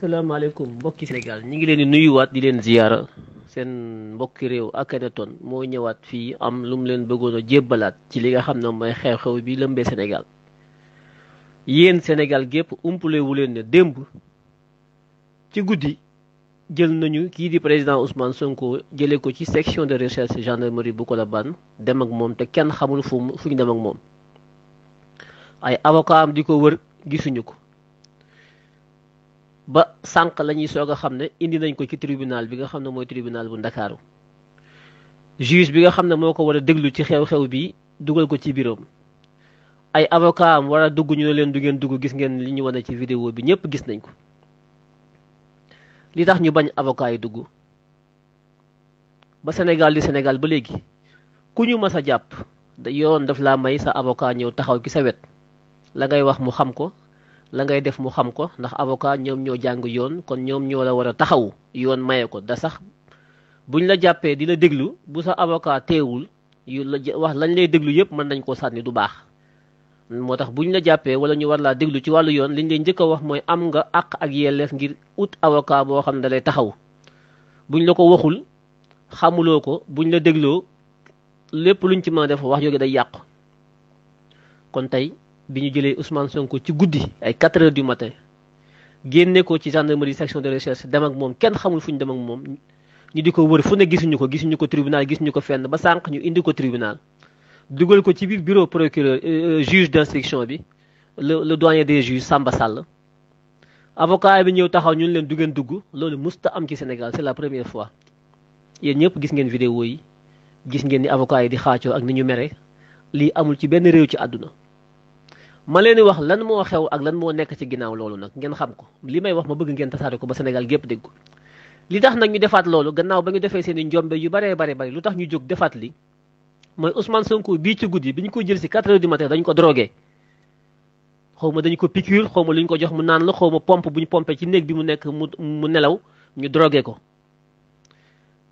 Assalamualaikum, mbokki Senegal. ñi ngi leen di nuyuwaat di leen ziyaara seen mbokki réew akhenaton moo ñëwaat fii am lu mu leen bëggoon a jébbalaat ci li nga xam ne mooy xew-xew bi lëmbee senegal yéen senegal gépp umpule wu leen ne démb ci guddi jël nañu kii di président ousmane sonko jële ko ci section de recherche gendarmerie bu ban dem ak moom te kenn xamul fu fu dem ak moom ay avocat am di ko wër gisuñu ko ba sànq lañuy ñuy soog a xam ne indi nañ ko ci tribunal bi nga xam ne mooy tribunal bu ndakaaru juge bi nga xam ne moo ko war a déglu ci xew-xew bi dugal ko ci biiram ay avocat am war a dugg ñu ne leen du ngeen dugg gis ngeen li ñu wane ci vidéo bi ñëpp gis nañ ko li tax ñu bañ avocat yi dugg ba Sénégal di Sénégal ba léegi ku ñu mas a jàpp yoon daf laa may sa avocat ñëw taxaw ci sa wet la ngay wax mu xam ko la ngay def mu xam ko ndax avocat ñoom ñoo jàng yoon kon ñoom ñoo la war a taxaw yoon maye ko da sax buñ la jàppee di la déglu bu sa avocat teewul yu la wax lañ lay déglu yëpp mën nañ koo sànni du baax moo tax buñ la jàppee wala ñu war laa déglu ci wàllu yoon li liñ lay njëkk a wax mooy am nga àq ak yelleef ngir ut avocat boo xam ne da lay taxaw buñ la ko waxul xamuloo ko buñ la dégloo lépp luñ ci mën a def wax yooyu day yàqu kon tey bi ñu jëlee Ousmane Sonko ci guddi ay 4 heures du matin génne ko ci gendarmerie section de recherche dem ak moom kenn xamul fu ñu dem ak moom ñu di ko wër fu ne gisuñu ko gisuñu ko tribunal gisuñu ko fenn ba sànq ñu indi ko tribunal. dugal ko ci biir bureau procureur euh, euh, juge d' bi le le doyen des juges Samba Sall avocat bi ñëw taxaw ñun leen du ngeen dugg loolu musta am ci Sénégal c'est la première fois yéen ñëpp gis ngeen vidéo yi gis ngeen ni avocat yi di xaacoo ak ni ñu mere lii amul ci benn réew ci àdduna. ma leen di wax lan moo xew ak lan moo nekk ci ginnaaw loolu nag ngeen xam ko li may wax ma bëgg ngeen tasaare ko ba Sénégal gépp dégg ko li tax nag ñu defaat loolu gannaaw ba ñu defee seen i njombe yu baree bare bari lu tax ñu jóg defaat li mooy Ousmane Sonko bii ci guddi bi ñu ko jël si 4 di du matin dañu ko drogué xaw ma dañu ko piqûre xaw ma lu ñu ko jox mu naan la xaw ma pompe bu ñu pompé ci néeg bi mu nekk mu mu nelaw ñu drogué ko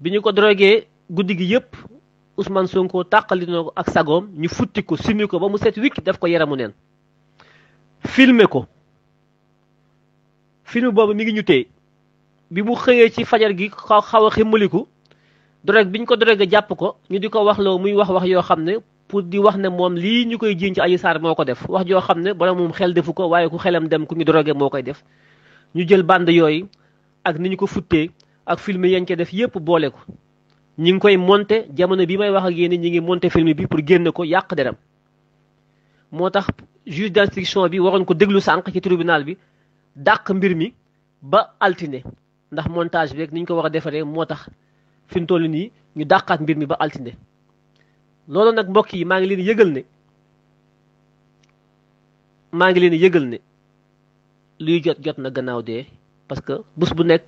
bi ñu ko drogué guddi gi yëpp Ousmane Sonko tàqali na ak sagoom ñu futti ko ko ba mu set wikk def ko yaramu neen filmer ko film boobu mi ngi ñu bi mu xëyee ci fajar gi xaw xaw a ximmaliku dorog bi ñu ko dorog jàpp ko ñu di ko wax loo muy wax wax yoo xam ne pour di wax ne moom lii ñu koy jiiñ ci Adji Sarr moo ko def wax joo xam ne borom moom xel defu ko waaye ku xelam dem ku ñu drogué moo koy def ñu jël bande yooyu ak ni ñu ko futtee ak film yañ ca def yépp boole ko ñu ngi koy monté jamono bi may wax ak yéen ñi ngi monte film bi pour génn ko yàq deram moo tax juge d'instruction bi waroon ko déglu sànq ci tribunal bi dàq mbir mi ba altine ndax montage bi rek ni ko war a defaree moo tax fi mu toll nii ñu dàqaat mbir mi ba altine loolu nag mbokk yi maa ngi leen yëgal ne maa ngi leen yëgal ne luy jot jot na gannaaw dee parce que bés bu nekk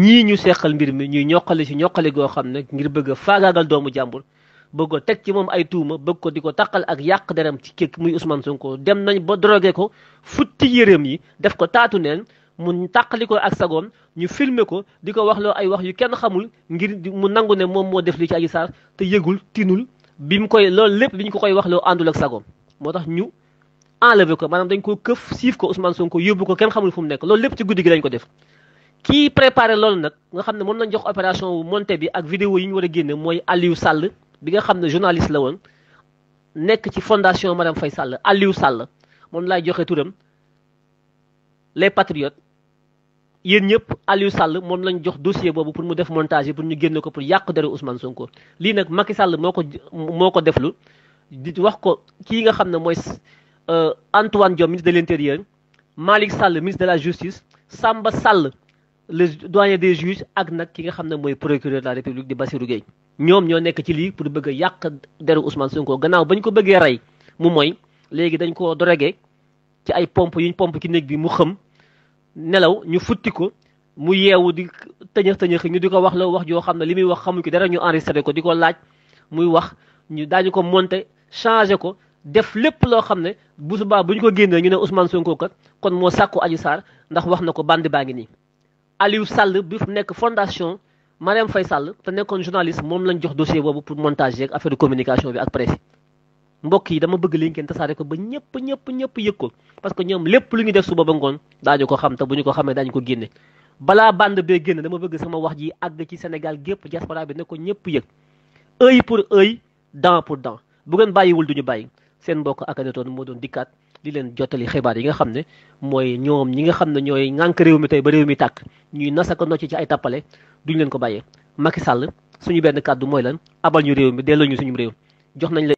ñii ñu seqal mbir mi ñuy ñoqale si ñoqale goo xam ne ngir bëgg a faagaagal doomu jàmbur bëgg ko teg ci moom ay tuuma bëgg ko di ko taqal ak yàq deram ci kékk muy Ousmane Sonko dem nañ ba drogué ko futti yërëm yi def ko taatu neen mu tàqali ko ak sagoom ñu filme ko di ko waxloo ay wax yu kenn xamul ngir mu nangu ne moom moo def li ci Adji Sarr te yëgul tiinul bi mu koy lool lépp bi ñu ko koy waxloo àndul ak sagoom moo tax ñu enlevé ko maanaam dañ ko këf siif ko Ousmane Sonko yóbbu ko kenn xamul fu mu nekk loolu lépp ci guddi gi lañ ko def kii préparé loolu nag nga xam ne moom lañ jox opération monté bi ak vidéo yi ñu war a génne mooy Aliou Sall bi nga xam ne journaliste la woon nekk ci fondation Madame fay Sall Aliou Sall moom laay joxe turam les patriotes yéen ñëpp Aliou Sall moom lañ jox dossier boobu pour mu def montage yi pour ñu génne ko pour yàq dara Ousmane Sonko. lii nag Macky Sall moo ko moo ko deflu di wax ko kii nga xam ne mooy euh, Antoine diom ministre de l' intérieur Malick Sall ministre de la justice Samba Sall. le doyen des juges ak nag ki nga xam ne mooy procureur de la république di Bassirou Gueye ñoom ñoo nekk ci lii pour bëgg yàq deru usman Sonko gannaaw bañ ko bëggee rey mu mooy léegi dañ ko dorogee ci ay pompe ñu pompe ci néeg bi mu xëm nelaw ñu futti ko mu yeewu di tëñëx tëñëx ñu di ko wax la wax joo xam ne li muy wax xamu ko dara ñu enregistré ko di ko laaj muy wax ñu daañu ko monté changé ko def lépp loo xam ne bu subaa bu ñu ko génnee ñu ne Ousmane Sonko kat kon moo sàkku Adji Sarr ndax wax na ko bandi baa ngi nii Aliou Sall bi nekk fondation Mariam fay Sall te nekkoon journaliste moom lañ jox dossier boobu pour montage yeeg affaire de communication bi ak presse mbokk yi dama bëgg li ngeen ko ba ñëpp ñëpp ñëpp yëg ko parce que ñoom lépp lu ñu def suba ba ngoon daañu xam te bu ñu ko xamee daañu ko génne balaa bande bee génn dama bëgg sama wax ji àgg ci Sénégal gépp diaspora bi ne ko ñëpp yëg œil pour œil dent pour dent bu ngeen bàyyiwul duñu bàyyi seen mbokk Akhenaton moo doon dikkaat di leen jottali xibaar yi nga xam ne mooy ñoom ñi nga xam ne ñooy ŋànk réew mi tey ba réew mi tàkk ñuy nasaka nocci ci ay tappale duñ leen ko bàyyee Macky Sall suñu benn kàddu mooy lan abal ñu réew mi delloo ñu suñu réew jox nañ la